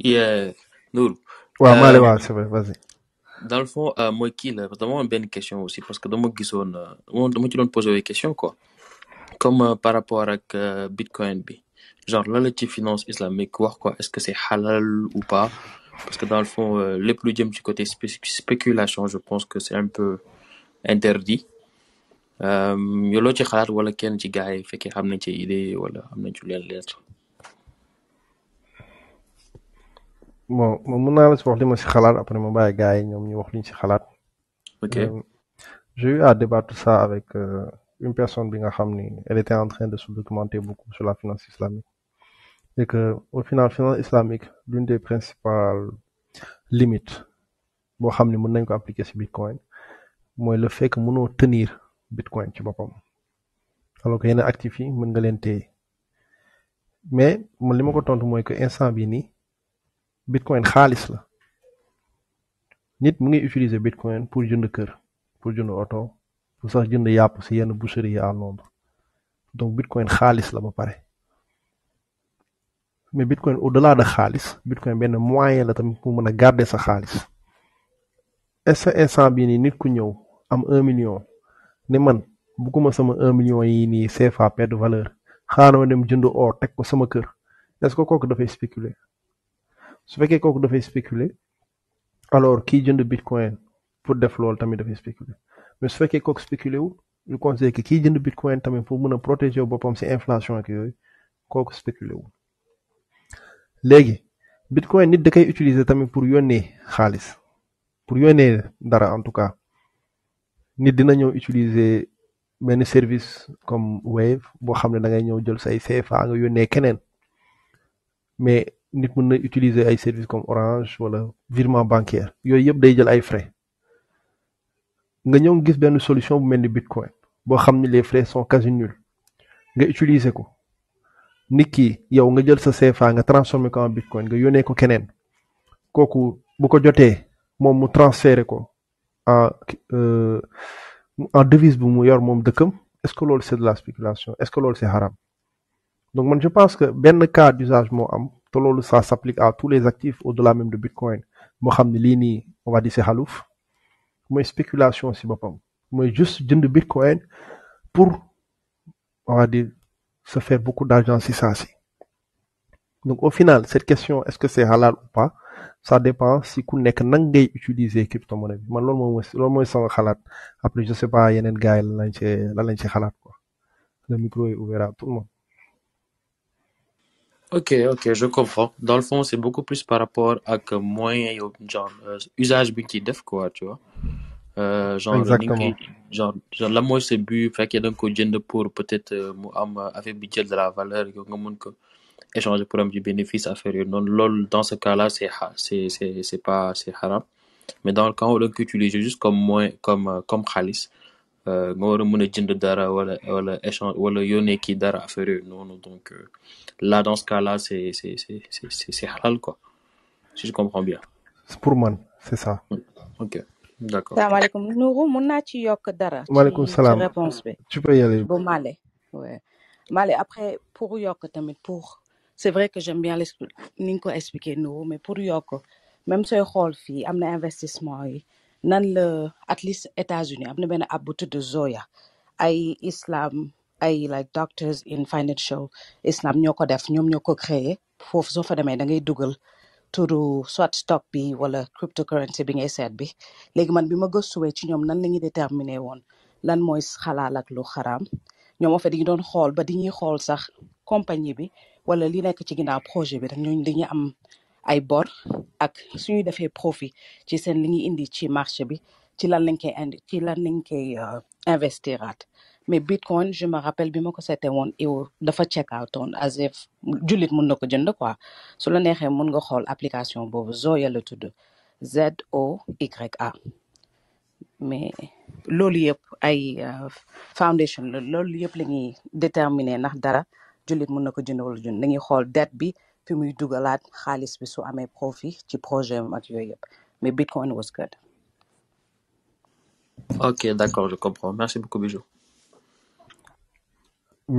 Yeah, Ouais, euh, vas-y. Dans le fond, euh, moi, qui, là, vraiment, une bonne question aussi, parce que dans mon guison, on, euh, moi, tu l'as posé des questions, quoi. Comme par rapport à Bitcoin, B. Genre, là, les finance islamique, quoi, est-ce que c'est halal ou pas? Parce que dans le fond, le les plus du côté spéculation, je pense que c'est un peu interdit. Euh, idée bon moom mën naa la si wax si après mon bail gars yi ñoom ñu wax li si ok euh, j'ai eu à débattre ça avec euh, une personne bi nga xam elle était en train de se documenter beaucoup sur la finance islamique et que au final finance islamique l'une des principales limites boo xam ni mën ko appliquer sur bitcoin moi le fait que mënoo tenir bitcoin ci vois alors que yenn actifs yi mën nga leen mais man li ma ko que instant bien bitcoin xaalis la nit mu ngi utiliser bitcoin pour jënd kër pour jënd oto pour sax jënd yàpp si yenn boucherie yi à Londres donc bitcoin xaalis la ba pare mais bitcoin au-delà de xaalis bitcoin benn moyen la tamit pour mën a garder sa xaalis est ce instant nii nit ku ñëw am un million ne man bugguma sama un million yi nii CFA perte de valeur xaaral ma dem jënd or teg ko sama kër est ce que kooku dafay spéculer. su fekkee kooku dafay spéculer alors kii jënd bitcoin pour def loolu tamit dafay spéculer mais su fekkee kooku spéculer wu ñu considère que kii jënd bitcoin tamit pour mën a protéger boppam si inflation ak yooyu kooku spéculer wu léegi bitcoin nit da koy utiliser tamit pour yónnee xaalis pour yónnee dara en tout cas nit dina ñëw utiliser benn service comme Wave boo xam ne da ngay ñëw jël say CFA nga yónnee keneen mais nit mën na utiliser ay service comme Orange wala virement bancaire yooyu yëpp day jël ay frais nga ñëw gis benn solution bu mel ni Bitcoin boo xam les frais sont quasi nuls nga utiliser ko nit ki yow nga jël sa CFA nga transformer ko en Bitcoin nga yónnee ko keneen kooku bu ko jotee moom mu transférer ko en euh, en devise bu mu yor moom dëkkam est-ce que loolu c'est de la spéculation est-ce que loolu c'est haram donc man je pense que benn cas d'usage moo am ça s'applique à tous les actifs au-delà même de bitcoin moo Lini, on va dire c'est xaluf mooy spéculation ci boppam mooy juste jënd bitcoin pour on va dire se faire beaucoup d'argent si ça. si donc au final cette question est-ce que c'est halal ou pas ça dépend si vous nekk nan ngay utiliser crypto-monnaie bi man Moi, moom loolu mooy sama halal. après je sais pas il y a lan gars ci lan lañ ci quoi le micro est ouvert à tout le monde Ok, ok, je comprends. Dans le fond, c'est beaucoup plus par rapport à que moyen, genre, euh, usage bi qui def, quoi, tu vois. Euh, genre, genre, genre, la moitié c'est but, y a donc un pour peut-être euh, euh avec am de la valeur, a un monde qui échanger pour un du bénéfice, inférieur. Non, lol, dans ce cas-là, c'est c'est c'est pas, c'est haram. Mais dans le cas où l'on utilise juste comme moins, comme, euh, comme khalis euh, nga war a dara wala wala échange wala yone ki dara affaire non donc euh, là dans ce cas là c'est c'est c'est c'est c'est halal quoi si je comprends bien. C'est pour man c'est ça. Mm. ok d'accord. salam alaykoum Nourou mun na ci yok dara. waaleykum alaykoum ci réponse tu peux y aller. bon Malé ouais. Malé après pour yok tamit pour c'est vrai que j'aime bien l'expli- ni ko expliquer Nourou mais pour yok même soy xol fi amna investissement yi. nan la at least États-Unis am ben benn ab bu tudd Zoya ay islam ay like doctors in financial islam ñoo def ñoom ñoo ko créé foofu soo fa demee da ngay dugal turu soit stock bi wala cryptocurrency bi ngay seet bi léegi man bi ma gëstuwee ci ñoom nan la déterminer woon lan mooy xalaal ak lu xaraam ñoom en fait doon xool ba dañuy xool sax compagnie bi wala li nekk ci ginnaaw projet bi rek ñooñu dañuy am ay bor ak suñu defee profit ci seen li ñuy indi ci marché bi ci lan lañ koy indi ci lan lañ koy euh, investiraat mais bitcoin je me rappelle bi ma ko seete woon iw dafa check out on as if jullit mun na ko jënd quoi su la neexee mën nga xool application boobu Zoya la tudd Z O Y A mais loolu yëpp ay euh, foundation la loolu yëpp la ñuy déterminer ndax dara julit mën na ko jënd wala jënd dañuy xool dette bi fi muy dugalaat xaalis bi su amee profit ci projet ak yooyu yëpp mais bitcoin was good. Ok, d'accord, je comprends. Merci beaucoup, Bijou.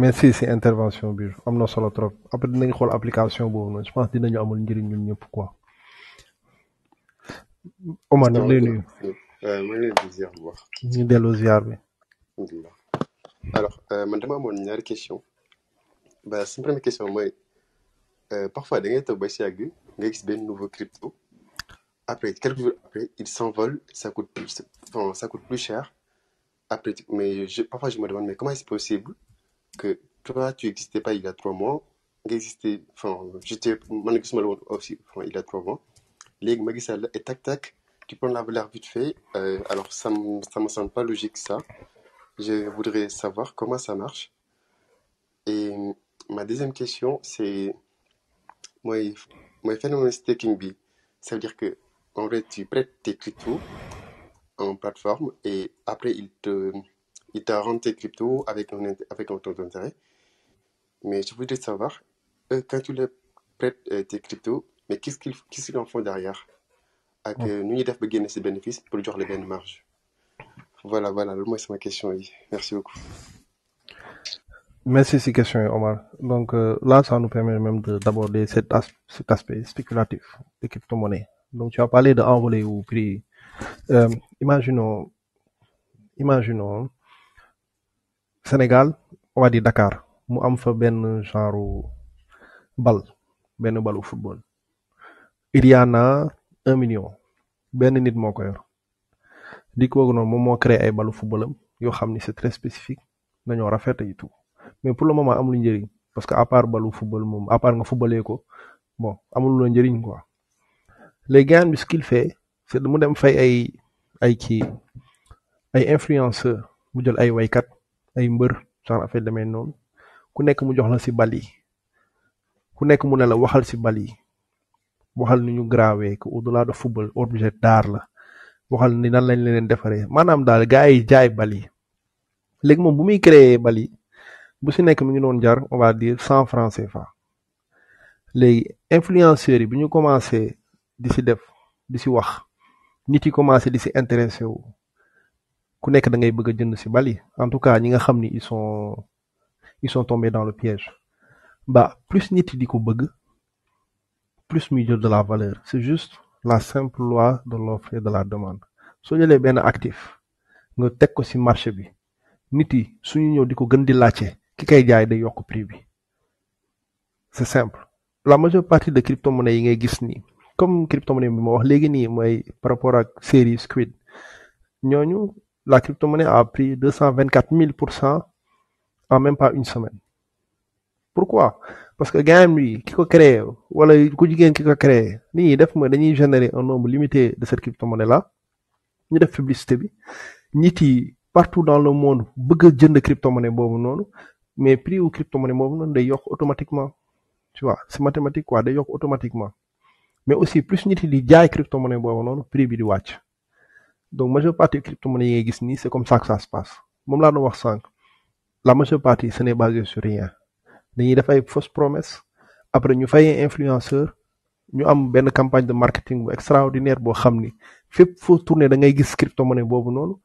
Merci, c'est intervention, Bijou. Amna solo trop. Après, dinañ xol application bobu non. Je pense dinañu amul njëriñ ñun ñëpp quoi. Omar, ñu lay nuyu. Euh, ma lay dire bu baax. Ñu delo ziar bi. Alors, euh, man dama amone ñaari question. ba simple, ma première question mooy. Euh, parfois il y a des si qui nga gis crypto après quelques jours après il s'envole ça coûte plus enfin ça coûte plus cher après mais parfois je me demande mais comment est-ce possible que toi tu n'existais pas il y a trois mois nga enfin j'étais man aussi enfin il y a trois mois Les et tac tac tu prends la valeur vite fait euh, alors ça ça me semble pas logique ça je voudrais savoir comment ça marche et ma deuxième question c'est moi, mooy fait un staking bi ça veut dire que en vrai tu prêtes tes cryptos en plateforme et après il te il rend tes cryptos avec un avec un taux d'intérêt mais je voudrais savoir euh, quand tu les prêtes euh, tes cryptos mais qu'est-ce qu'ils en font derrière Nous que nous def ba gagner ces pour jox les bonnes marge voilà voilà moins c'est ma question merci beaucoup Merci, ces questions Omar. Donc euh, là, ça nous permet même d'aborder cet, aspect spéculatif des crypto-monnaies. Donc tu as parlé d'envoler ou prix. Euh, imaginons, imaginons, Sénégal, on va dire Dakar, on am fa ben genre bal, ben de football. Il y en a un million. Ben nit moko ko yor. Dik non créé mo créer ay football, football yo xamni c'est très spécifique, dañu fait et tout. mais pour le moment amul njëriñ parce que à part balu football moom à part nga footballé ko bon amul la njëriñ quoi les gars bi ce qu'il fait c'est mu dem fay ay ay ki ay influenceur mu jël ay waykat ay mbeur genre affaire demee non ku nekk mu jox la si Bali, yi ku nekk mu ne la waxal si bal yi waxal ni ñu gravé ko au delà de football objet d'art la waxal ni nan lañ leen defaré manam dal gaay jaay bal yi bu muy créer bal bu si nekk mi ngi doon jar on va dire cent francs CFA léegi influenceurs yi bi ñu commencé di si def di si wax nit yi commencé di si intéressé wu ku nekk da ngay bëgg a jënd si bali en tout cas ñi nga xam ni ils sont ils sont tombés dans le piège ba plus nit yi di ko bëgg plus muy jël de la valeur c'est juste la simple loi de l'offre et de la demande soo jëlee benn actif nga teg ko si marché bi nit yi suñu ñëw di ko gën di laajte ki day simple la majeure partie de crypto-monnaie yi ngay gis nii comme crypto-monnaie bi ma wax par rapport la série Squid ñooñu la crypto-monnaie a pris 224 000 en même pas une semaine pourquoi parce que les gens qui ont créé wala ku jigéen ki ko créé ils ñuy def dañuy un nombre limité de cette crypto-monnaie là ñu def publicité bi nit yi partout dans le monde bëgg jënd crypto-monnaie mais prix ou crypto-monnaie moom non, day automatiquement tu vois c'est mathématique quoi day automatiquement mais aussi plus nit yi di jaay crypto-monnaie bobu non, prix bi di wacc donc majeure partie crypto-monnaie yi ngay gis c'est comme ça que ça se passe mom la doon wax sank la majeure partie ce n'est basé sur rien dañuy def ay fausse promesse après ñu fay influenceur ñu am benn campagne de marketing bu extraordinaire boo xam ni fépp foo tourné da ngay gis crypto-monnaie boobu noonu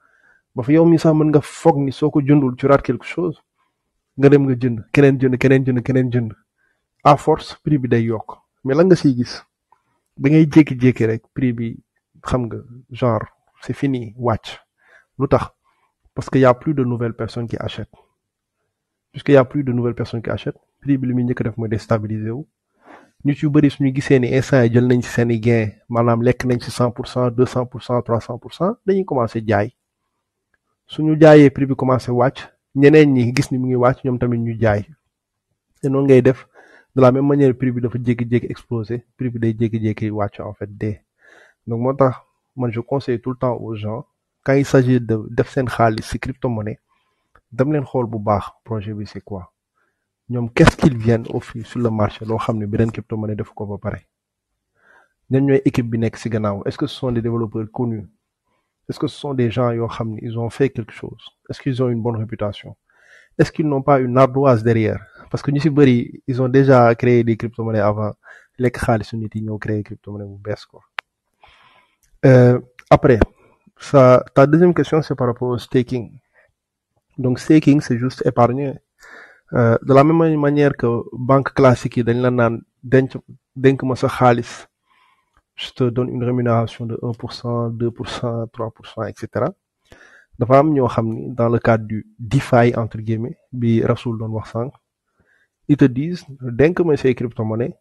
ba fa yow mi sax mën nga foog ni soo ko jëndul tu quelque chose nga dem nga jënd keneen jënd keneen jënd keneen jënd à force prix bi day yokk mais la nga siy gis ba ngay jékki-jékki rek prix bi xam nga genre c'est fini wàcc lu tax parce que y a plus de nouvelles personnes qui achètent puisque y a plus de nouvelles personnes qui achètent prix bi li muy njëkk def mooy déstabiliser wu ñu ci bëri suñu gisee ni instant yi jël nañ ci seen i gain maanaam lekk nañ ci 100 pour cent deux pour cent trois pour cent dañuy commencé jaay suñu jaayee prix bi commencé wàcc ñeneen ñi gis ni mu ngi wàcc ñoom tamit ñu jaay te noonu ngay def de la même manière prix bi dafa jékki-jékki explosé prix bi day jékki-jékki wàcc en fait dee donc moo man je conseille tout le temps aux gens quand il s'agit de def seen xaalis crypto-monnaie dam leen xool bu baax projet bi c'est quoi ñoom qu'est-ce qu'ils viennent offrir sur le marché loo xam ne beneen crypto-monnaie def ko ba pare ñan ñooy équipe bi nekk ci gannaaw est-ce que ce sont des développeurs connus est-ce que ce sont des gens, ils ont fait quelque chose Est-ce qu'ils ont une bonne réputation Est-ce qu'ils n'ont pas une ardoise derrière Parce que bari, ils ont déjà créé des crypto-monnaies avant. Les Khalis, ils ont créé des crypto-monnaies ou Euh, après, ça, ta deuxième question, c'est par rapport au staking. Donc, staking, c'est juste épargner. Euh, de la même manière que banque classique, ils ont je te donne une rémunération de 1%, 2%, 3%, etc. dans le cadre du DeFi entre guillemets bi Rasoul wax ils te disent que ma say crypto-monnaie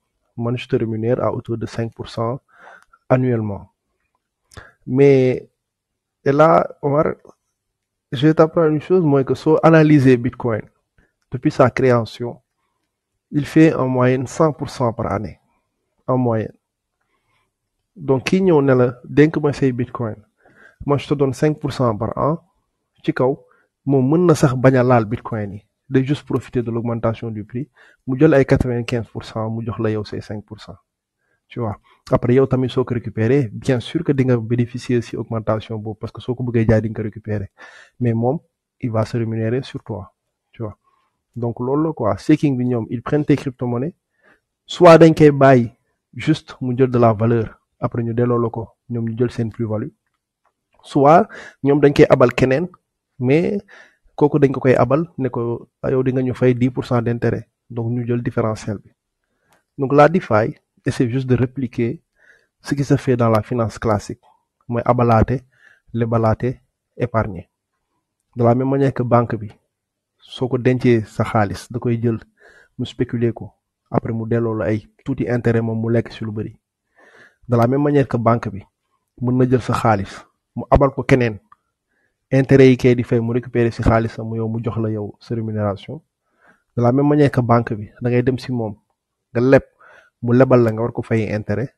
je te rémunère à autour de 5% annuellement mais et là Omar je vais t'apprendre une chose moi que ça analyser Bitcoin depuis sa création il fait en moyenne 100% par année en moyenne donc qui nous ne la dénk ma say bitcoin moi je te donne 5% par an ci kaw moom mën na sax de laal bitcoin de juste profiter de l'augmentation du prix mu jël ay 95%, je quinze aussi mu tu vois après yow a aussi récupérer bien sûr que di nga bénéficier si augmentation parce que soo ko bëggee di récupérer mais moi, il va se rémunérer sur toi tu vois donc lolo quoi staking bi ñoom ils prennent tes crypto-monnaies soit d'un koy bàyyi juste mu de la valeur après ñu delloo la ko ñoom ñu jël seen plus value soit ñoom dañ koy abal keneen mais kooku dañ ko koy abal ne ko ah, yow di nga ñu fay 10% pour cent donc ñu jël différentiel bi donc la DeFi c'est juste de répliquer ce qui se fait dans la finance classique mooy abalaate lebalaate épargner de la même manière que banque bi soo ko dencee sa xaalis da koy jël mu spéculer ko après mu delloo la ay tuuti intérêt moom mu lekk si lu bëri de la même manière que banque bi mën na jël sa xaalis mu abal ko keneen intérêt yi kay di fay mu récupérer si mu yow mu jox la yow sa rémunération de la même manière que banque bi da ngay dem si moom nga leb mu lebal la nga war ko fay intérêt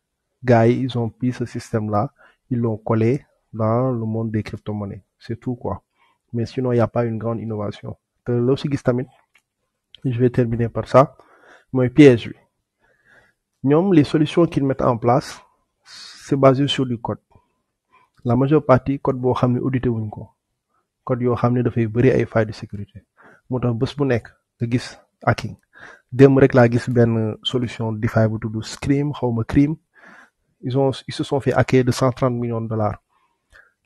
gars yi ils ont pris ce système là ils l'ont collé dans le monde des crypto-monnaies c'est tout quoi mais sinon il n'y a pas une grande innovation te loo gis tamit je vais terminer par ça mooy piège bi ñoom les solutions qu'ils mettent en place c'est basé sur du code la majeure partie code bo xamni audité wuñ ko code yo xamni da fay le ay failles de sécurité moo tax bu nek nga gis hacking Dem rek la gis ben solution DeFi bu Scream xawma Cream ils ont ils se sont fait hacker de 130 millions de dollars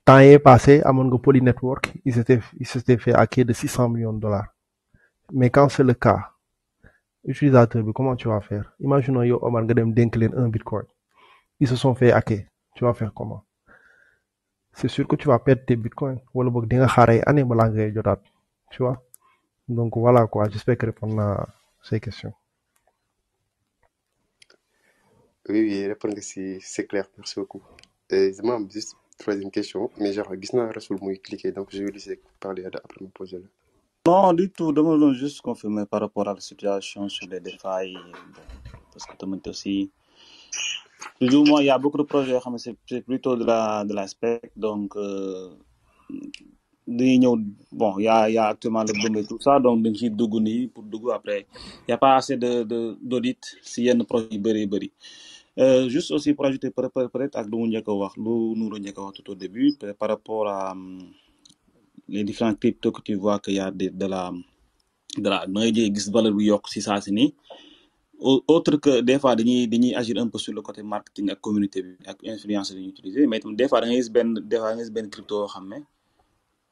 temps est passé à mon Poly Network ils étaient ils s'étaient fait hacker de 600 millions de dollars mais quand c'est le cas utilisateur comment tu vas faire imaginons yo, Omar nga dem un bitcoin ils se sont fait hacker. Tu vas faire comment? C'est sûr que tu vas perdre tes bitcoins. ou le Tu vois? Donc voilà quoi, j'espère que répondre à ces questions. Oui, oui, répondre c'est clair. Merci beaucoup. Et moi, juste troisième question, mais genre, Gisna Rasoul Mouy cliqué, donc je vais laisser parler après me poser là. Non, du tout. Je juste confirmer par rapport à la situation sur les défailles. Parce que tu aussi. Toujours, moins, il y a beaucoup de projets, mais c'est plutôt de l'aspect. Donc, euh, il y a, actuellement le bon et tout ça. Donc, Il n'y a pas assez y a un projet juste aussi pour ajouter, pour être tout au début, par rapport à euh, les différents cryptos que tu vois qu'il y a de, la. De la, de autre que des fois dañuy dañuy agir un peu sur le côté marketing ak communauté avec ak influence dañuy utiliser mais des fois dañuy ngay ben des fois da ben crypto yoo xam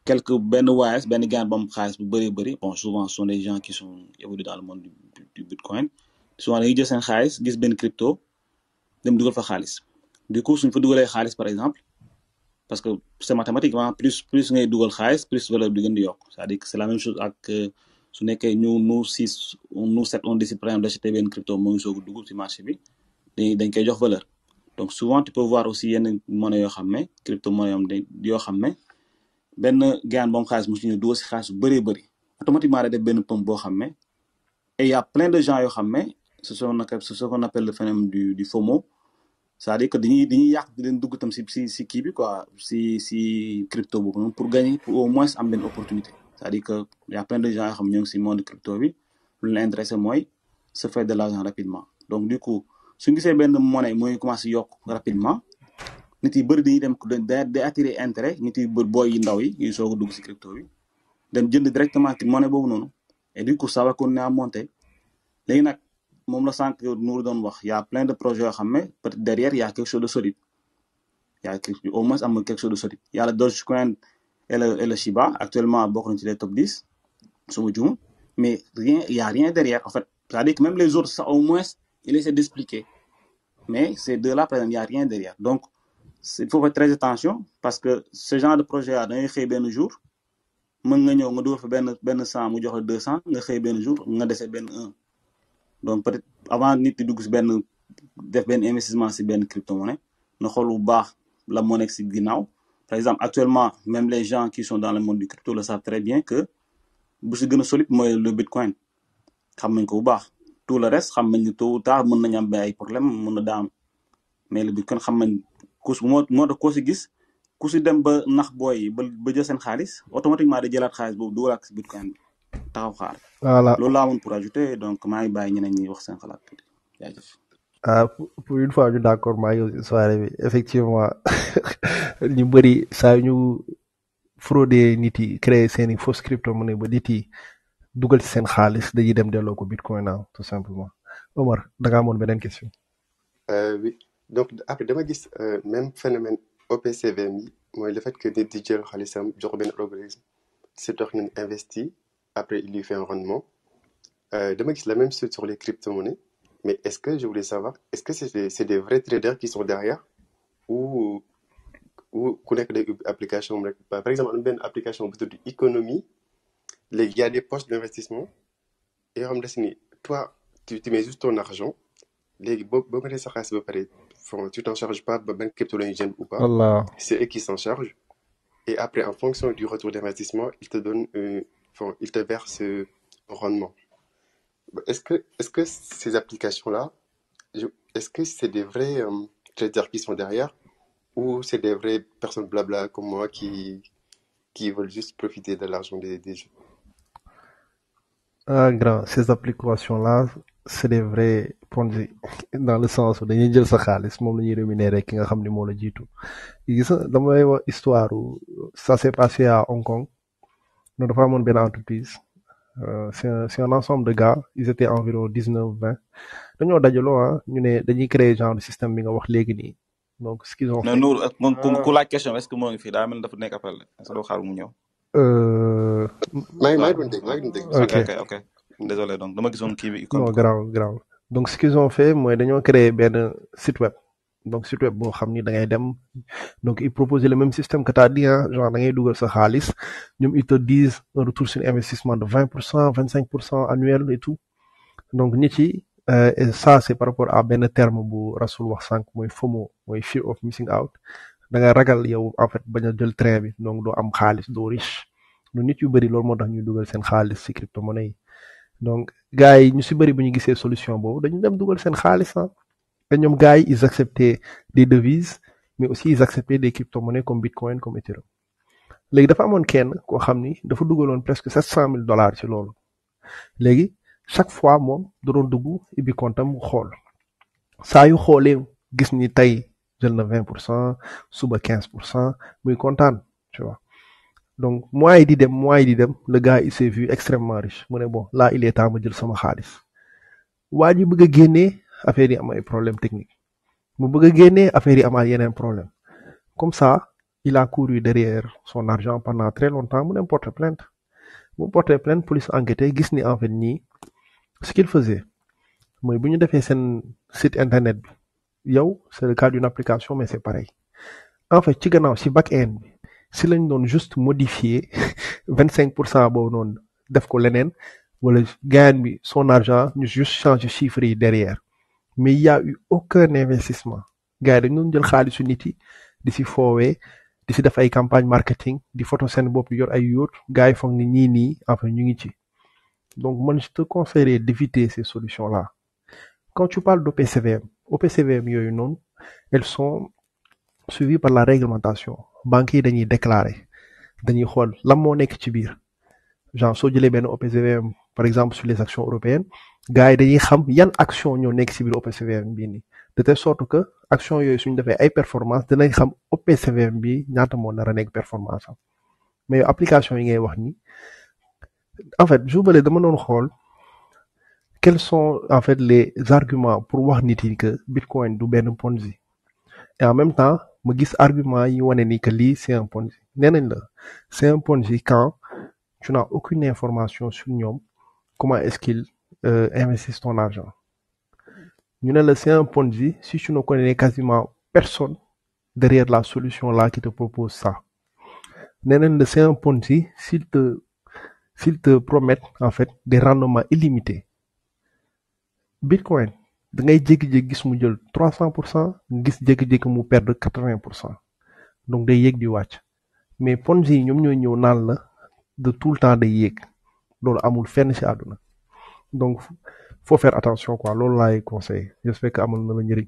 quelque ben waayes ben gaan bam xaliss bu bon souvent ce sont des gens qui sont évolués dans le monde du, du- bitcoin souvent dañuy jël sen xaliss gis ben crypto dem dugal fa xaliss du coup suñ fa des xaliss par exemple parce que c'est mathématique plus plus ngay dugal xaliss plus valeur bi gën di yok c'est-à-dire que c'est la même chose avec su nekkee que nous six nous on d'acheter crypto monnaie soog marché bi dañ dañ valeur donc souvent tu peux voir aussi monnaie crypto monnaie yoo xam ne benn ñu automatiquement def et il y a plein de gens yoo ce qu'on appelle le phénomène du FOMO c'est-à-dire que dañuy dañuy crypto pour gagner pour au moins am benn opportunité c'est-à-dire qu'il y a plein de gens qui sont ñoo monde crypto bi lu la intéressé mooy se faire de l'argent rapidement donc du coup su ñu gisee benn monnaie mooy commencé à rapidement nit yi bëri dañuy dem day attirer intérêt nit yi bëri booy yu ndaw yi ñuy soog a dugg crypto bi dem jënd directement ci monnaie et du coup ça va continuer à monter Maintenant, je moom la que Nour doon wax y a plein de projets mais derrière, il y a quelque chose de solide Il y a au moins am quelque chose de solide Il y a le Dogecoin elle, elle est Actuellement, à bord les top 10 su ma mais rien il y a rien derrière en fait c'est-à-dire que même les autres ça au moins il essaie d'expliquer mais ces deux-là par exemple il y a rien derrière donc il faut faire très attention parce que ce genre de projet a da effet bien jour mën nga ñëw nga dugal fa ben benn cent mu jox 200 cent nga xëy ben jour nga donc peut-être avant nit di dugg ben def benn investissement c'est bien crypto-monnaie na xool bu baax la monnaie nekk si par exemple actuellement même les gens qui sont dans le monde du crypto le savent très bien que si solide le bitcoin tout le reste tard problème mais le bitcoin le ku dem ba nax boy ba automatiquement jëlaat xaalis boobu bitcoin taxaw xaar. voilà pour ajouter donc maa ngi bàyyi ñeneen ñi wax ah pour une fois ñu d'accord ma ngi soirée bi effectivement ñu bari sa ñu frauder nit yi créer seeni faux crypto monnaie ba nit yi dugal ci seen xaalis dañuy dem delloo ko bitcoin naaw tout simplement Omar da nga amoon beneen question. Euh, oui donc après dama gis euh, même phénomène OPCVM yi mooy le fait que nit di jël xaalisam jox benn organisme si tax ñun investi après il lui fait un rendement euh, dama gis la même chose sur les crypto monnaies mais est-ce que je voulais savoir, est-ce que c'est des, vrais traders qui sont derrière ou ou connaître des applications par exemple une bonne application plutôt d'économie, économie les y a des postes d'investissement et on me toi tu mets juste ton argent les mais ça ça tu t'en charges pas tu crypto ou pas. c'est eux qui s'en chargent. et après en fonction du retour d'investissement ils te donnent euh, il te versent euh, rendement. Est-ce que, est-ce que ces applications-là, est-ce que c'est des vrais traders euh, qui sont derrière ou c'est des vraies personnes blabla comme moi qui, qui veulent juste profiter de l'argent des, gens? Ah, grand, ces applications-là, c'est des vrais dans le sens où les gens sa xaalis moom la ñuy les gens nga xam ni moo Dans ma histoire ça s'est passé à Hong Kong, nous avons une entreprise euh, c'est un, c'est un ensemble de gars ils étaient environ 19 20. vingt dañoo hein, ñu né dañuy créer genre de système bi nga wax légui ni. donc ce qu'ils ont fait. mais Nour moom ku ah. ku question est-ce que mo ngi fi da mel dafa nekk appel est-ce que xaru mu ñew? Euh may may ngi doon dégg maa ngi doon dégg. ok ok ok désolé donc dama gisoon kii bi. non grave grave donc ce qu'ils ont fait mooy dañoo créer ben site web donc site web boo xam ni da ngay dem donc ils propose le même système que as dit hein genre da ngay dugal sa xaalis ñoom ils te disent un retour sur investissement de 20% pour cent pour cent annuel et tout donc nit yi euh, ça c'est par rapport à benn terme bu rasul wax sànq mooy FOMO mooy fear of missing out da nga ragal yow en fait bañ a jël train bi donc doo am xaalis doo riche lu nit yu bëri loolu moo tax ñuy dugal seen xaalis crypto monnaie yi donc gars yi ñu si bëri bu ñu gisee solution boobu dañu dem dugal seen xaalis ah te ben, ñoom gars ils acceptaient des devises mais aussi ils acceptaient des crypto-monnaies comme bitcoin comme ethereum gars dafa amoon Ken, koo xam ni dafa dugaloon presque sept 000 dollars ci loolu léegi chaque fois moi, da doon dugg ubbi comptam mu xool saa yu xoolee gis ni tey jël na vingt pour cent suba quinze pour muy kontaan tu vois donc moi il dit dem moi yi dem le gars il s'est vu extrêmement riche mu bon là il est temps de jël sama xaalis waa ji gagner affaire yi am ay problème technique mu bëgg a génnee affaire yi problème comme ça il a couru derrière son argent pendant très longtemps mu dem porter plainte mu porter plainte police enquêté gis ni en fait nii ce qu'il faisait mooy bu ñu defee seen site internet bi yow c'est le cas d'une application mais c'est pareil en fait ci gannaaw si back end bi si lañ doon juste modifier 25% cinq pour cent def ko leneen wala gain bi son argent ñu juste changer chiffre derrière mais il y a eu aucun investissement gars nous dañ doon jël xaalisu nit yi di si foowee di campagne marketing di photo de bopp yor ay yóot gars fait des ni ñii nii ñu ngi donc moi, je te conseillerais d'éviter ces solutions là quand tu parles d'OPCVM OPCVM yooyu noonu elles sont suivies par la réglementation Banquier yi dañuy déclarer dañuy xool lan moo nekk ci biir genre tu jëlee benn OPCVM par exemple sur les actions européennes gars y dañuy xam yan action ñoo nekk ci biir OPCVM de telle sorte que action yooyu suñu defee ay performance dinañ xam OPCVM bi ñaata moo nar a nekk performance mais l'application yi ngay wax ni en fait je voulais dama quels sont en fait les arguments pour wax nit que Bitcoin du benn Ponzi et en même temps je gis argument yi ni que lii c'est un Ponzi nee la c'est un Ponzi quand tu n'as aucune information sur ñoom comment est-ce qu'ils euh, investissent ton argent Nous laissé le c'est un Ponzi si tu ne connais quasiment personne derrière la solution là qui te propose ça Nous avons le c'est un Ponzi s'il te s'il te promet en fait des rendements illimités Bitcoin tu as jékki-jékki gis mu 300%, tu as gis perdre donc day as di watch. mais Ponzi nous avons de tout le temps day yéeg loolu amul fenn ci aduna donc faut faire attention quoi loolu lay conseillé j'espère que amal na la njëriñ.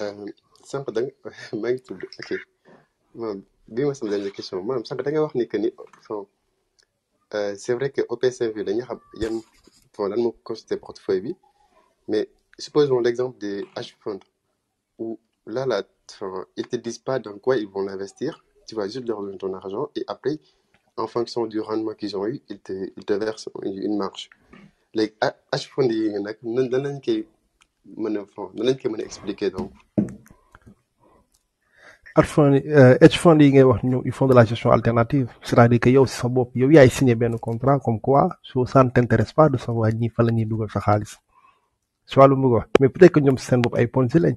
Euh, sànq da nga maa ngi tudd ok maanaam bii mooy sama dernière question maanaam sànq da nga wax ni que ni fond euh, c'est vrai que OPCV dañu xam yan fond lan moo constitué portefeuille bi mais supposons l'exemple des hedge funds où là là enfin, ils te disent pas dans quoi ils vont l'investir tu vois juste leur donner ton argent et après en fonction du rendement qu'ils ont eu, ils te, ils te versent une marge. Les hedge yi nag nan lañ koy mën a nan lañ expliquer donc. HFondé HFondé yi wax ils font de la gestion alternative c'est-à-dire que yow si sa bopp yow yaay signé benn contrat comme quoi soo ça ne t'intéresse pas de savoir ñii fan la ñuy dugal sa xaalis. mugo mais peut-être que ñoom seen bopp ay Ponzi lañ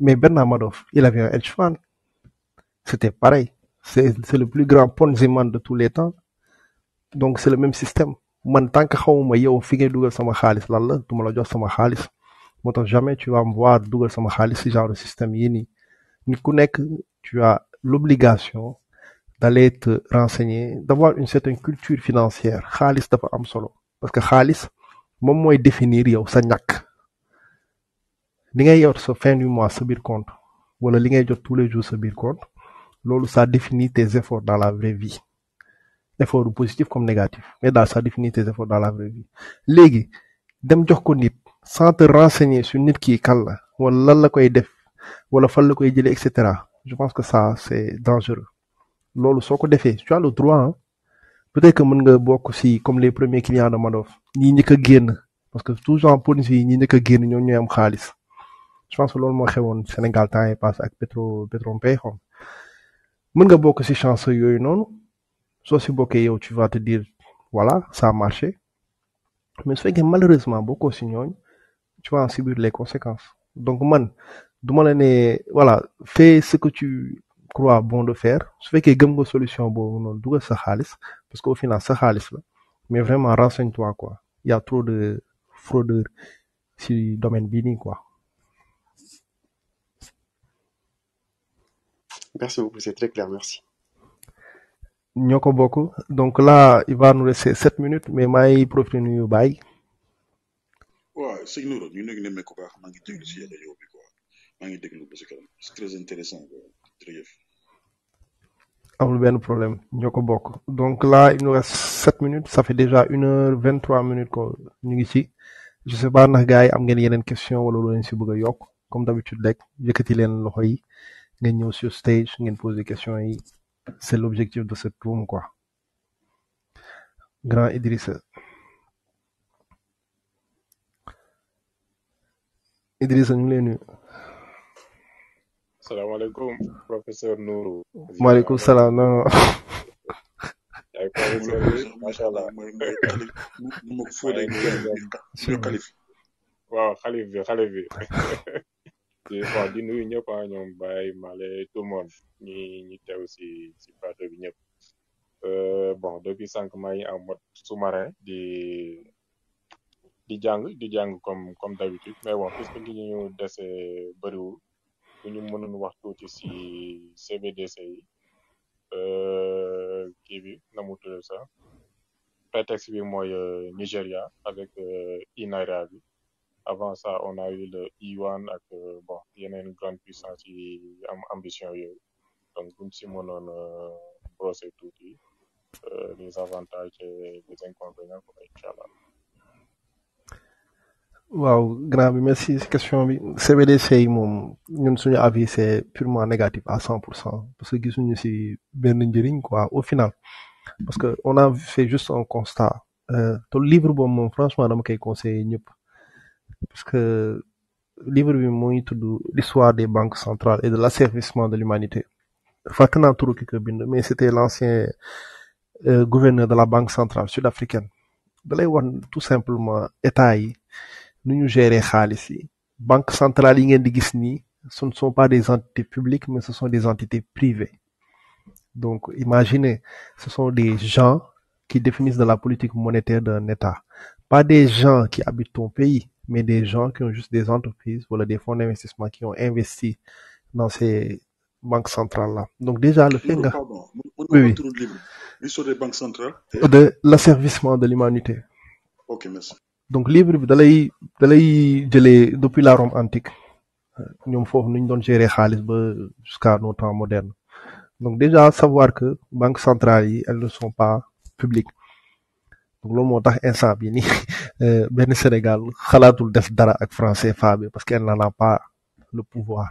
mais Bernard Madoff il avait un hedge fund c'était pareil c'est le plus grand Ponzi-man de tous les temps donc c'est le même système man tant que xamuma yow fi ngay dugal sama xaalis lan la du la jox sama xaalis moo jamais tu vas me voir dugal sama xaalis Ce genre de système yini. Ni ku nek tu as l'obligation d'aller te renseigner d'avoir une certaine culture financière Khalis dafa am solo parce que khalis mom moy définir yow sa ñak. li ngay yor sa fin du mois sa bir compte wala li ngay jot tous les jours sa bir compte Lolo, ça définit tes efforts dans la vraie vie efforts positifs comme négatifs mais dans ça définit tes efforts dans la vraie vie Légué, dem jox sans te renseigner sur nit qui est la ou la koy def ou fan la koy jëlee et etc je pense que ça c'est dangereux loolu soko défait, tu as le droit hein. peut-être que mon nga bokk si comme les premiers clients de Madoff ni ni que génn parce que toujours police ni ni que a ni ñoo n'y am khalis. je pense que loolu moo un Sénégal temps yi passe avec Petro Petron mën nga bokk ci chanceux yooyu noonu soo si bokkee yow tu vas te dire voilà ça a marché mais su que malheureusement beaucoup ci ñooñ tu vas en subir les conséquences donc man du la voilà fais ce que tu crois bon de faire su fekkee gëm nga solution boobu noonu dugal sa xaalis parce que au final ça xaalis la mais vraiment renseigne-toi quoi il y a trop de fraudeurs ci domaine bii quoi Merci beaucoup, c'est très clair, merci. ñoko beaucoup. donc là il va nous rester 7 minutes mais je profiter nuyu bay waaw sëñ Nouro ñu nekk ne mekk baax maa ngi déglu si yàlla yow bi quoi maa déglu c'est très intéressant quoi jërëjëf un problème ñoko beaucoup. donc là il nous reste 7 minutes ça fait déjà 1 h 23 minutes nous sommes ici. Je ne sais pas si vous une des question wala avez des questions. comme d'habitude je yëkkati leen sur stage, nous pose des questions C'est l'objectif de cette tour quoi. Grand Idrissa. Idrissa, nous sommes Salam alaikum professeur Nourou. salam salam non ci waaw di nuyu ñëpp ah ñoom Baye Malé tout le ñi ñi teew si si plateau bi ñëpp euh, bon depuis sànq maa ngi en mode sous-marin di di jàng di jàng comme kom d'habitude mais bon puisque li ñu dese bëriwul bu ñu mënoon si CBDC yi euh, kii bi na mu tudd sax prétexte bi mooy euh, nigeria avec INAIRA bi avant ça on a eu le Iwan e y euh, bon une grande puissance et une ambition donc on si tout, brosser tout euh, les avantages et les inconvénients pour ça Wow, waaw grand merci Cette question bi CBDC mon, ñun avis c'est purement négatif à 100%. parce que sont bien bien quoi au final parce que on a fait juste un constat Le euh, livre franchement, franchement dama koy conseiller parce que livre bi l'histoire des banques centrales et de l'asservissement de l'humanité mais c'était l'ancien euh, gouverneur de la banque centrale sud-africaine tout simplement état nous gérer xaalis banque centrale yi di ce ne sont pas des entités publiques mais ce sont des entités privées donc imaginez ce sont des gens qui définissent de la politique monétaire d'un état pas des gens qui habitent ton pays mais des gens qui ont juste des entreprises, voilà, des fonds d'investissement qui ont investi dans ces banques centrales-là. Donc déjà, le fait que... Oui, oui. L'histoire des banques centrales De l'asservissement de l'humanité. merci. Donc livre vous allez vous depuis la Rome antique nous avons ñu jusqu'à nos temps modernes donc déjà savoir que banques centrales elles ne sont pas publiques donc le mot est instant Euh, benn Sénégal xalaatul def dara ak français CFA bi parce qu'elle n'en a pas le pouvoir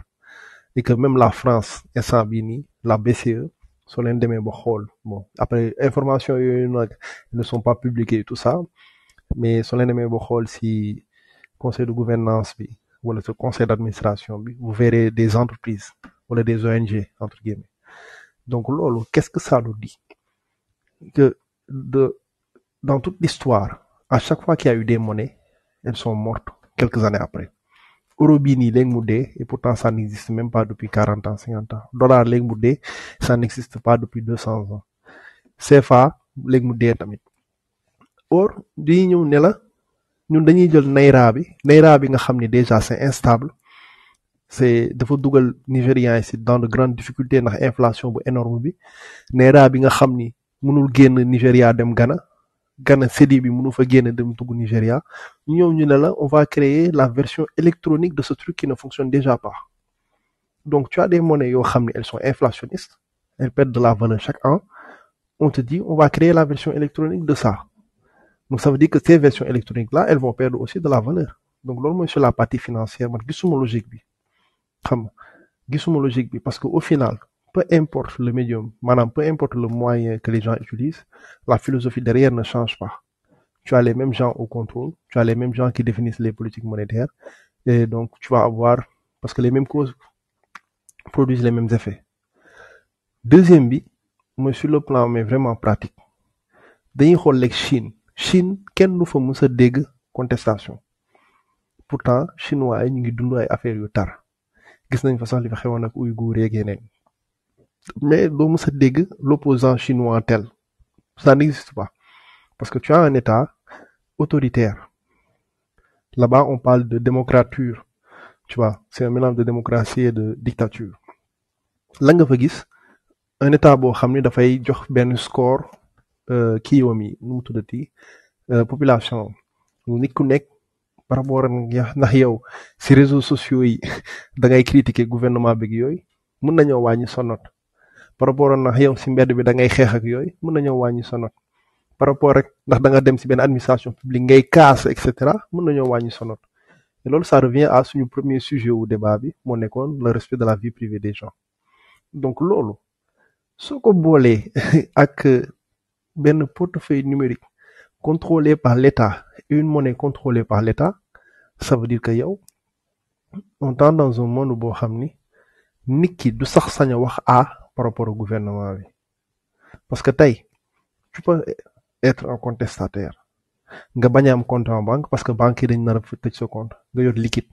et que même la France instant bii la BCE soo leen bon après information yooyu ne sont pas publiquées tout ça mais soo leen demee ba si conseil de gouvernance bi wala ce conseil d'administration vous verrez des entreprises wala des ONG entre guillemets donc qu'est-ce que ça nous dit que de dans toute l'histoire à chaque fois qu'il y a eu des monnaies, elles sont mortes quelques années après. Eurobini, leg et pourtant ça n'existe même pas depuis 40 ans 50 ans dollar leg ça n'existe pas depuis 200 ans CFA ça n'existe pas tamit. or ans. Or, nous la ñun dañuy jël naira bi naira déjà c'est instable c'est de dugal le Nigeria ici, dans de grandes difficultés une inflation énorme bi naira bi nga le Nigeria mënul génn dem Ghana. Nigeria on va créer la version électronique de ce truc qui ne fonctionne déjà pas donc tu as des monnaies elles sont inflationnistes elles perdent de la valeur chaque an on te dit on va créer la version électronique de ça donc ça veut dire que ces versions électroniques là elles vont perdre aussi de la valeur donc loolu sur la partie financière logique logique parce que au final importe le médium, maintenant peu importe le moyen que les gens utilisent, la philosophie derrière ne change pas. Tu as les mêmes gens au contrôle, tu as les mêmes gens qui définissent les politiques monétaires, et donc tu vas avoir, parce que les mêmes causes produisent les mêmes effets. Deuxième bi, monsieur le plan mais vraiment pratique, des les Chine Chine kenn nous fa se a contestation pourtant chinois yi ngi ay nañ fa li ak mais l'homme se a l'opposant chinois tel ça n'existe pas parce que tu as un État autoritaire là-bas on parle de démocratie, tu vois c'est un mélange de démocratie et de dictature la nga un État boo xam ne dafay jox benn score kii yoom nous tout de suite, population nous par rapport à ndax yow les réseaux sociaux yi da ngay gouvernement beeg yooyu mën par rapport ndax yow si mbedd bi da ngay xeex ak yooyu mën nañoo wàññi sa par rapport rek ndax da nga dem si benn administration publique ngay kaas et cetera mën nañoo wàññi sa et loolu ça revient à suñu premier sujet wu débat bi moo nekkoon le respect de la vie privée des gens donc loolu soo ko boolee ak benn portefeuille numérique contrôlé par l'État une monnaie contrôlée par l'État ça veut dire que yow on tend dans un monde boo xam ni nit ki du sax sañ wax A par rapport au gouvernement parce que tu peux être un contestataire nga peux a un compte en banque parce que banque est dañ nar ce compte nga liquide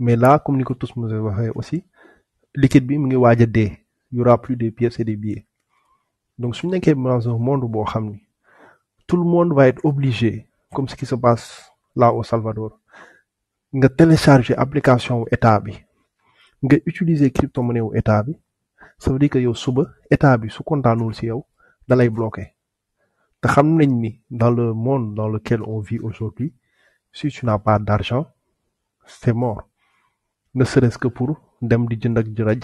mais là comme nous tous nous aussi liquide bi mingi wajé dé il y aura plus de pièces et des billets donc suñu nekkee dans un monde où xamni tout le monde va être obligé comme ce qui se passe là au Salvador nga télécharger application établie, état bi nga utiliser crypto-monnaie état bi ça veut dire que yow suba état bi su si yow dalay bloquer te xam ni dans le monde dans lequel on vit aujourd'hui si tu n'as pas d'argent c'est mort ne serait-ce que pour dem di jënd ak jëra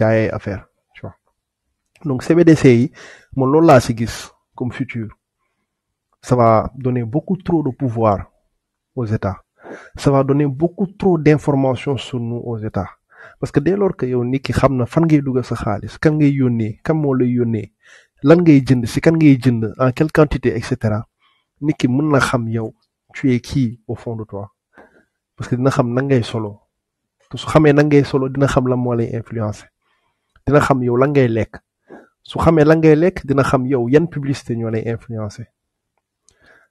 donc CBDC yi man loolu la si comme futur ça va donner beaucoup trop de pouvoir aux États ça va donner beaucoup trop d'informations sur nous aux États parce que dès lors que yow nit ki xam na fan ngay dugal sa xaalis kan ngay yónnee kan moo lay yónnee lan ngay jënd si kan ngay jënd en quelle quantité et cetera nit ki mën na xam yow tu es qui au fond toi parce que dina xam nan ngay solo su xamee nan ngay solo dina xam lan moo lay influencé dina xam yow lan ngay lekk su xamee lan ngay lekk dina xam yow yan publicité ñoo lay influencé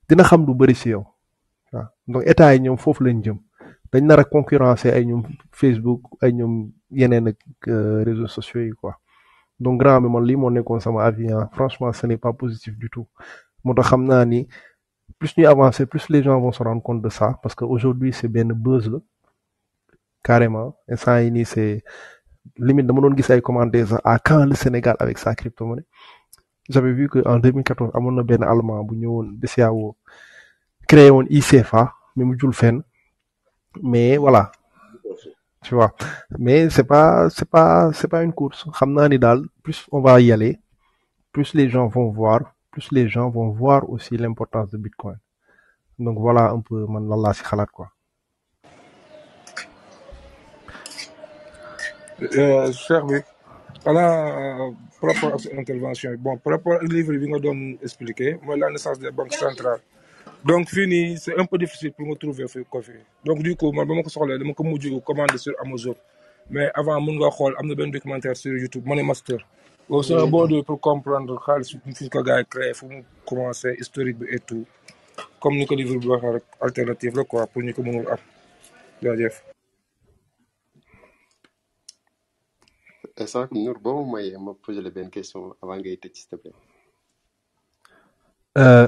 dina xam lu bëri si yow waaw donc état yi ñoom foofu lañ jëm. dañ nar a concurrencer ay ñoom Facebook ay les ak euh, réseaux sociaux quoi donc grand bi man lii moo nekkoon sama hein. franchement ce n'est pas positif du tout moo tax xam ni plus nous avancer plus les gens vont se rendre compte de ça parce que aujourd'hui c'est benn buzz carrément instant yi c'est limite dama doon gis ay commentaires sax à quand le Sénégal avec sa crypto-monnaie j'avais vu que en 2014 amoon na benn allemand bu ñëwoon BCEAO créé woon ICFA mais mu jul fenn mais voilà tu vois mais c'est pas c'est pas c'est pas une course plus on va y aller plus les gens vont voir plus les gens vont voir aussi l'importance de Bitcoin donc voilà un peu man la c'est si quoi. Euh, cher mec euh, à intervention bon par rapport au livre bi nga expliquer la naissance des banques centrales donc fini, c'est un peu difficile pour me trouver le café. donc du coup je vais ma ko soxlee dama sur Amazon mais avant mun nga xool am na documentaire sur YouTube Money Master. C'est un bon lieu pour comprendre ce que fi ko gars yi créé fu commence, historique et tout comme ni ko livre bi waxee rek alternative quoi pour nous ko mënul am jaajëf. sànq nous boo ma mayee ma posé la benn question avant de s'il te plaît. Euh,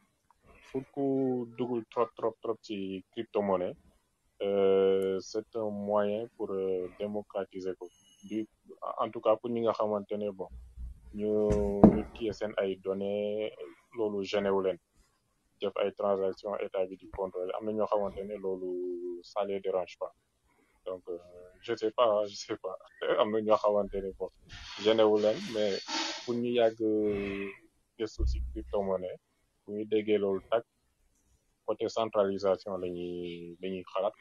pour que dugul trop trop trop de crypto-monnaie euh, c'est un moyen pour euh, démocratiser du en tout cas pour nous nga xamantene bon ñu ñu kiye ay données lolu gêné wu leen def ay transactions état bi di contrôler amna na xamantene lolu ça les dérange pas donc euh, je sais pas je sais pas am na xamantene xamante ne bon gêné wu leen mais pour ñu yàgg gëstu ci crypto-monnaie pour ñu déggee loolu côté centralisation la décentralisation la xalaat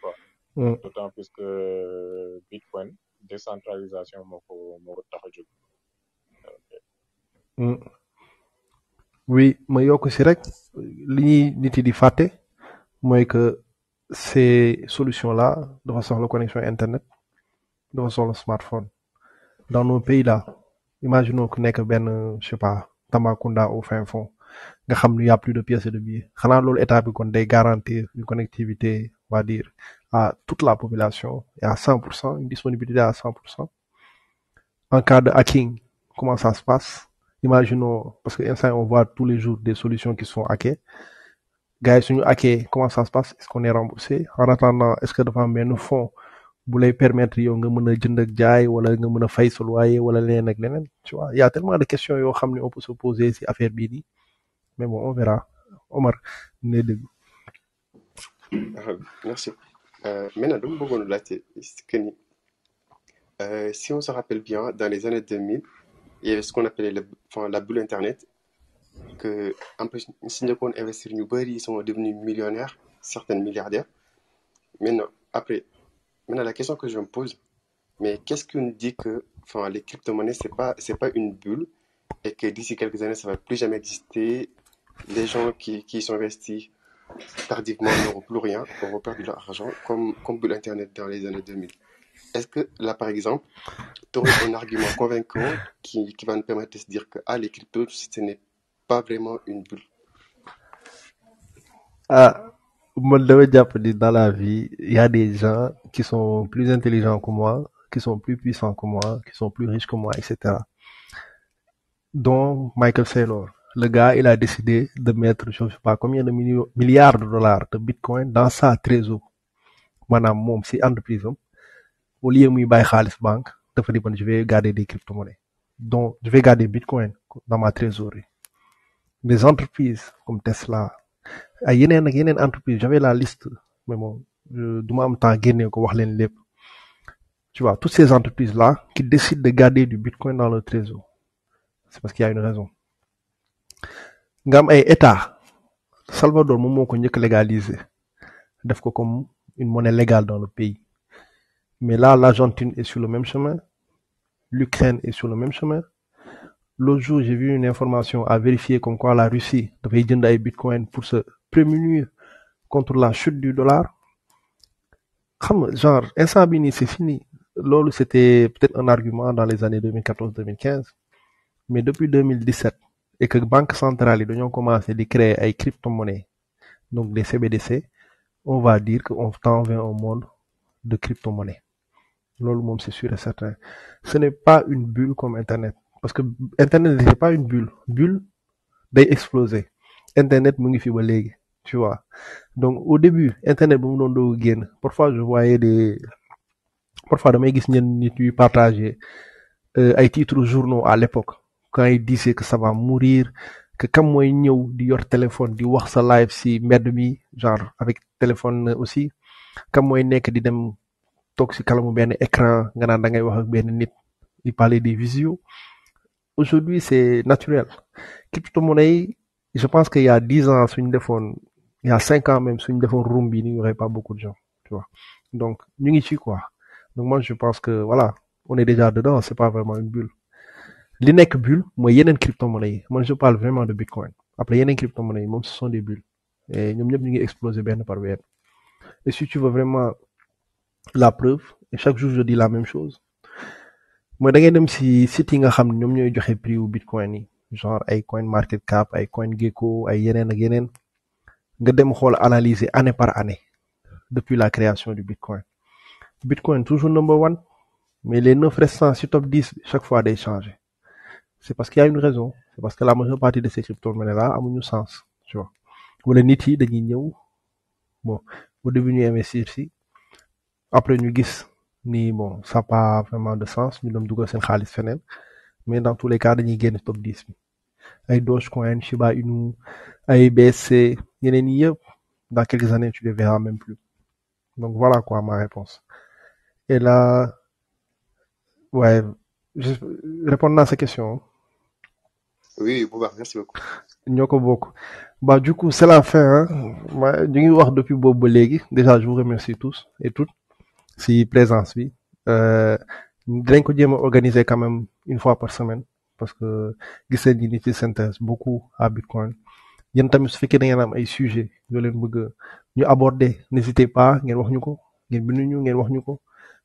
mm. d'autant plus que euh, Bitcoin décentralisation moo ko moo ko mm. oui ma yokk si rek li ñuy nit yi di que ces solutions là dafa la connexion internet dafa le smartphone dans nos pays là imaginons que nekk benn je sais pas Tambacounda ou fin nga xam a plus de pièces et de billets xanaa loolu état bi kon day garantir une connectivité on va dire à toute la population et à 100 une disponibilité à 100 en cas de hacking comment ça se passe imaginons parce que on voit tous les jours des solutions qui sont hackées gars suñu hackés comment ça se passe est-ce qu'on est remboursé en attendant est-ce que devant am benn fonds bu permettre yo nga mën a jënd ak jaay wala nga fay wala ak leneen tu vois il y a tellement de questions qu'on peut se poser si affaire bii nii mais bon, on verra. Omar, ne ah, Merci. Euh, maintenant, euh, si on se rappelle bien, dans les années 2000, il y avait ce qu'on appelait enfin, la bulle Internet, que en plus, si nous avons investi ils sont devenus millionnaires, certains milliardaires. Maintenant, après, maintenant, la question que je me pose, mais qu'est-ce nous dit que enfin, les crypto-monnaies, ce n'est pas, pas une bulle et que d'ici quelques années, ça ne va plus jamais exister les gens qui, qui sont investis tardivement n'auront plus rien, auront perdu leur argent, comme, comme l'Internet dans les années 2000. Est-ce que là, par exemple, tu aurais un argument convaincant qui, qui, va nous permettre de se dire que ah, les cryptos, ce n'est pas vraiment une bulle ah, dans la vie, il y a des gens qui sont plus intelligents que moi, qui sont plus puissants que moi, qui sont plus riches que moi, etc. Dont Michael Saylor le gars, il a décidé de mettre je sais pas combien de milliards de dollars de bitcoin dans sa trésor maanaam c'est si entreprise au lieu muy banque je vais garder des crypto-monnaies. donc je vais garder bitcoin dans ma trésorerie des entreprises comme Tesla il y a une entreprise, j'avais la liste mais bon je ma am temps génne ko wax len tu vois toutes ces entreprises là qui décident de garder du bitcoin dans leur trésor c'est parce qu'il y a une raison dans un état Salvador moom moment ko légalisé def comme une monnaie légale dans le pays mais là l'Argentine est sur le même chemin l'Ukraine est sur le même chemin l'autre jour j'ai vu une information à vérifier comme quoi la Russie devait jënd ay bitcoin pour se prémunir contre la chute du dollar comme genre instant sabini c'est fini lolu c'était peut-être un argument dans les années 2014 2015 mais depuis 2017 et que banque banques centrales ont commencé à créer des crypto-monnaies donc des CBDC on va dire qu'on on vient au monde de crypto-monnaie c'est sûr et certain ce n'est pas une bulle comme internet parce que internet c'est pas une bulle bulle elle exploser internet mu tu vois donc au début internet parfois je voyais des parfois je gis nit partager euh, ay titres journaux à l'époque quand il disait que ça va mourir que il a a di yor téléphone di wax sa live si mbedd genre avec téléphone aussi comme on y di dem toog si kalamu benn écran nga naan da ngay wax nit il parlait des visio aujourd'hui c'est naturel crypto-monnaie je pense qu'il y a 10 ans suñ téléphone, il y a 5 ans même suñ téléphone room bi n'y aurait pas beaucoup de gens tu vois donc quoi donc moi je pense que voilà on est déjà dedans c'est pas vraiment une bulle li nekk bulle mooy yeneen crypto-monnaie man je parle vraiment de bitcoin après yeneen crypto-monnaie yi moom ce sont des bulles et ñoom ñëpp ñu ngi exploser benn par et si tu veux vraiment la preuve et chaque jour je dis la même chose mooy da ngay dem si site yi nga xam ne ñoom ñooy joxe prix wu bitcoin yi genre ay coin market cap ay coin gecko ay yeneen ak yeneen nga dem xool analyser année par année depuis la création du bitcoin bitcoin toujours number one mais les neuf restants si top 10 chaque fois day changer c'est parce qu'il y a une raison c'est parce que la majorité de ces crypto-monnaies là un sens tu vois wala niti yi dañuy ñëw bon vous devenez ñu investir après nous gis ni bon ça n'a pas vraiment de sens ñu dem mais dans tous les cas dañuy le top 10 bi Dogecoin Shiba Inu ay BSC en a yëpp dans quelques années tu les verras même plus donc voilà quoi ma réponse et là ouais je répondre à ces questions hein oui Bouba merci beaucoup. ñoo beaucoup bah du coup c'est la fin hein ma voir wax depuis boobu Légui. léegi déjà je vous remercie tous et toutes si plaisance, oui. Euh, ko jéem organiser quand même une fois par semaine parce que gis nañ ni ci synthèse beaucoup à Bitcoin yéen tamit a fekkee am ay sujets yoo leen bëgg ñu aborder n'hésitez pas ngeen wax ñu ko ngeen ñu ngeen wax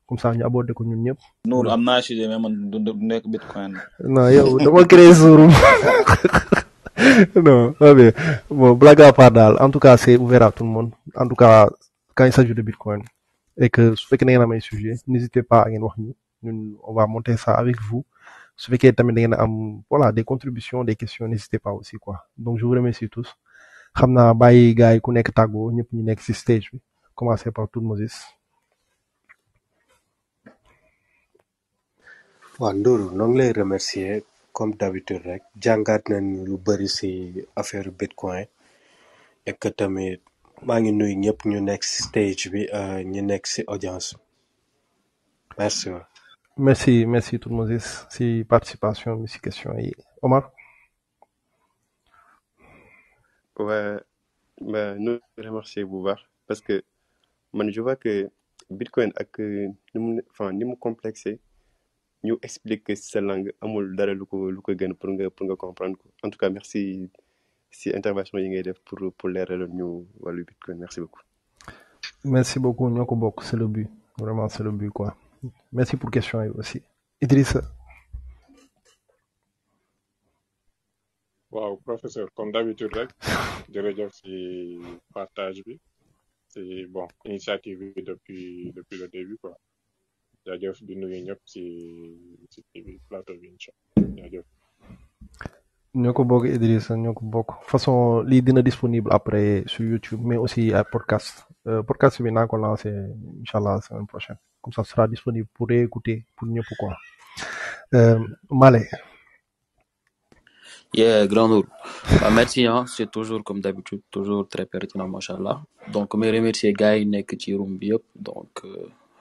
comme ça ñu aborder ko ñun ñëpp. on am naa sujet mais man du bitcoin. non yow dama créé sur non mais bon blague à part daal en tout cas c'est ouvert à tout le monde en tout cas quand il s'agit de bitcoin et que su fekkee da ngeen sujet n'hésitez pas à nous wax on va monter ça avec vous su fekkee tamit des contributions des questions n'hésitez pas aussi quoi donc je vous remercie tous xam naa bàyyi gars yi ku nekk tàggoo ñëpp ñu nekk ci stage bi commencer par Moses. nous ñoo les remercier comme d'habitude. habitude rek jàngat nañu lu bëri si affaire bitcoin et que tamit ma ngi nuy ñep ñu nekk stage bi euh, ñi ci audience Merci. Merci, merci tout le monde. merci si participation merci question Omar Ouais, ben, nous remercier Bouvard parce que man je vois que Bitcoin ak que, euh, enfin ni mu complexe nous expliquer cette langue amul dara luko ko pour nga pour nga comprendre en tout cas merci si intervention yi def pour pour et ñu walu bitcoin merci beaucoup. merci beaucoup ñoko c'est le but vraiment c'est le but quoi merci pour question aussi Idrissa. Wow, professeur comme d'habitude rek jërëjëf si partage bi une bon initiative depuis depuis le début quoi. Je di nuyu ñëpp si si TV plateau bi incha allah jaajëf. ñoo Idrissa ñoko bok façon li dina disponible après sur YouTube mais aussi à podcast euh, podcast bi na ko lancé inshallah la semaine prochaine comme ça sera disponible pour écouter, pour ñep quoi euh, Malé. Yeah, grand Nour. Bah, merci, hein. c'est toujours comme d'habitude, toujours très pertinent, machallah. Donc, me remercier Guy, Nek, bi Donc, euh,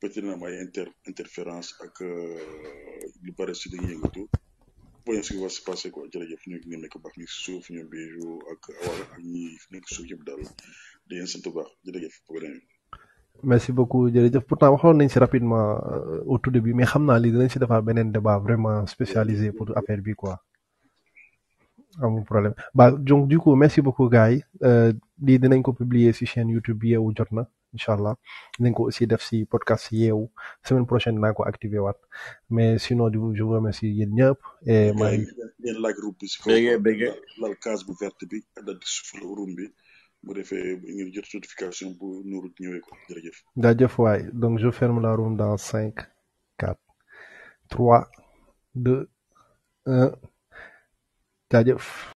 peut am ay inter interférence ak euh, bare si dañuy yëngatu voyons ce qui va se passer quoi jërëjëf ñu ngi nekk baax ñu suuf vous Bijou ak wala ak ñi nekk suuf yëpp daal di leen sant bu baax jërëjëf programme merci beaucoup Jerejef. pourtant waxoon nañ si rapidement euh, au tout début mais xam naa lii dinañ si defaat beneen débat vraiment spécialisé pour affaire bi quoi amul problème bah donc du coup merci beaucoup gars Euh, lii dinañ ko publier si chaîne YouTube bi Yeewu Jotna incha allah ko aussi def si podcast yeewu semaine prochaine naa ko activé waat mais sinon je vous remercie yéen ñëpp. et maa ngi leen laaj room bi si kaw. bége bége lal case bu verte bi dal di suuf room bi bu defee ngir jot notification bu nuuru ñëwee ko jërëjëf. jaajëf waay donc je ferme la room dans cinq quatre trois deux un jaajëf.